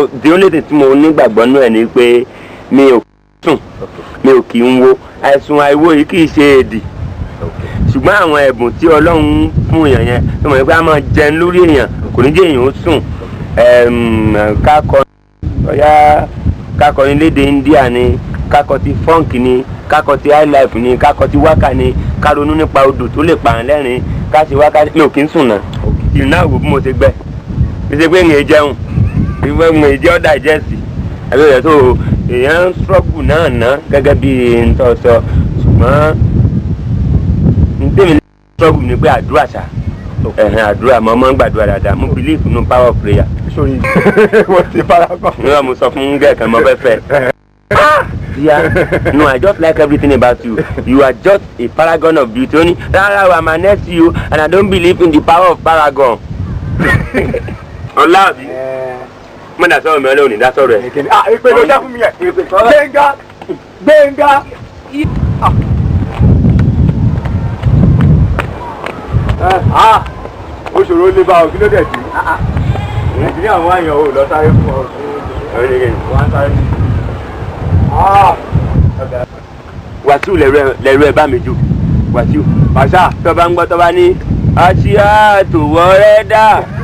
so the only thing tí mo nígbàgbọ́ náà ni pé mi ò sùn mi ò kì í wo àìsùn àìwo yìí kì í ṣe èdì ṣùgbọ́n àwọn ẹ̀bùn tí ọlọ́run ń fún èèyàn yẹn tó mọ̀ pé a máa jẹun lórí èèyàn kò ní jẹ́ èèyàn ó sùn kákọ ọ̀yá kákọ ní léde India ni kákọ ti funk ni kákọ ti highlife ni kákọ ti wákà ni ká ronú nípa odò tó lè pààyàn lẹ́rìn ká ṣe wákà ní òkè ń sùn náà ìrìnà àwò bí mo ṣe gbẹ ṣe pé èèyàn jẹun ìwé mu ìdí ọ̀dà ìjẹ́sì àbí tó èèyàn ń sọ́gù náà ná gẹ́gẹ́ bí ntọ́sọ ṣùgbọ́n ntẹ́mi sọ́gù ni pé àdúrà ṣá ẹ̀hìn àdúrà mọ́ mọ́ ń gbàdúrà dáadáa mo believe no power prayer. sori mo ti fara kọ. nígbà mo sọ fún gẹ̀ẹ́kan mo fẹ́ fẹ́. Yeah. No, I just like everything about you. You are just a paragon of beauty. Only Rara, I'm an you, and I don't believe in the power of paragon. I Olabi. Yeah mọ́nà sọ̀rọ̀ mi ọlọ́run ìdá sọ̀rọ̀ ẹ̀. Ah, ìpè ló dá fún mi ẹ̀ gbẹ̀ngà gbẹ̀ngà. ó ṣòro lé bá òkú ló dẹ̀ dé. Ah, ah. nàìjíríà wọn àyàn ò lọ sáré fún ọ. wọn sáré. wàsíù lẹ̀rú ẹ̀ bá mi jù wàsíù pàṣà tó bá ń gbọ́ tó bá ní àṣìá tòwọ́ rẹ̀ dá.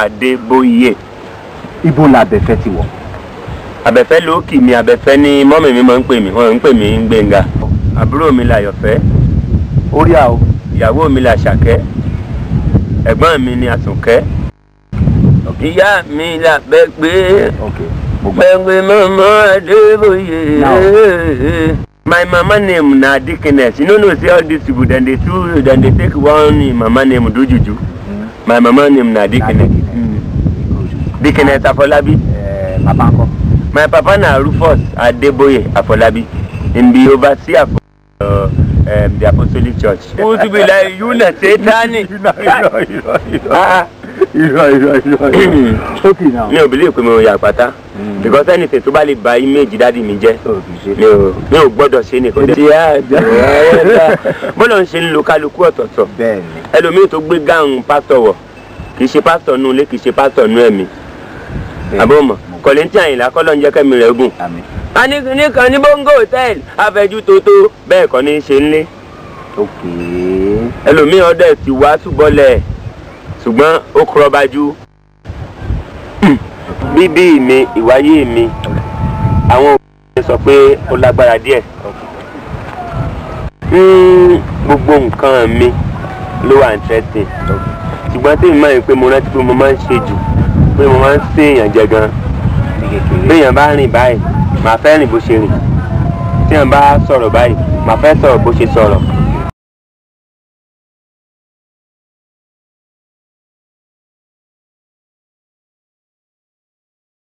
Adébóyè. ibo la abẹ́fẹ́ ti wọ̀. abẹ́fẹ́ ló kì mí abẹ́fẹ́ ní mọ́mì mi máa ń pè mí wọ́n ń pè mí ń gbẹ̀ngà. àbúrò mi làyọ̀fẹ́. orí a o. ìyàwó mi là ṣàkẹ́. ẹ̀gbọ́n mi ni àsùnkẹ́. ìyá mi là bẹ́ gbé. gbẹ̀ngbẹ̀ mọ́mọ́ Adébóyè. My mama name na Dickiness. You know, no, see all these people, then they, too, then they take one mama name, do juju. Mm. My mama name na Dickiness. Dickinet Afolabi. Eh, papa ńkọ́. My papa na Rufus Adeboye Afolabi. Him be overseer for um, the Apostolic Church. Who to be like you na Satani? Irọ́ irọ́ irọ́ irọ́. Ah, ah. Sókè náà. Mi ò believe pé mo yà pátá. Hmm. Because anything tó bá lè ba image dáàdi mi jẹ́. Mi ò gbọ́dọ̀ ṣe nìkan. Ti á jẹ́. Bọ́lá ń ṣe ń lo kálukú ọ̀tọ̀ọ̀tọ̀. Bẹ́ẹ̀ni. Ẹlòmíì tó gbé gáàrùn pásítọ̀ wọ̀ kì í ṣe pásítọ̀ nù lé kì í ṣe pásítọ̀ nù ẹ̀mí àbọ̀mọ̀ kọ̀lẹ́ntì àyìnlá kọ́lọ́ ń jẹ́ kẹ́mi rẹ̀ gùn. a ní nìkan ní bongo hotel afẹ́jú tótó bẹ́ẹ̀ kọ́ ní í ṣe ńlé. ẹlòmíràn ọdẹ ti wá túbọ̀lẹ̀ ṣùgbọ́n ó kúrọ́ba jú. bíbí mi ìwáyé mi àwọn òbí sọ pé ó lágbára díẹ̀. Hmm, gbogbo nǹkan mi ló wà ń tẹ́tẹ̀ ṣùgbọ́n tí mo máa ń pè mo rántí pé mo máa ń ṣe jù. Okay pé mo máa ń sí èèyàn jẹ gan béèyàn bá rìn báyìí màá fẹ́ rìn bó ṣe rìn téèyàn bá sọ̀rọ̀ báyìí màá fẹ́ sọ̀rọ̀ bó ṣe sọ̀rọ̀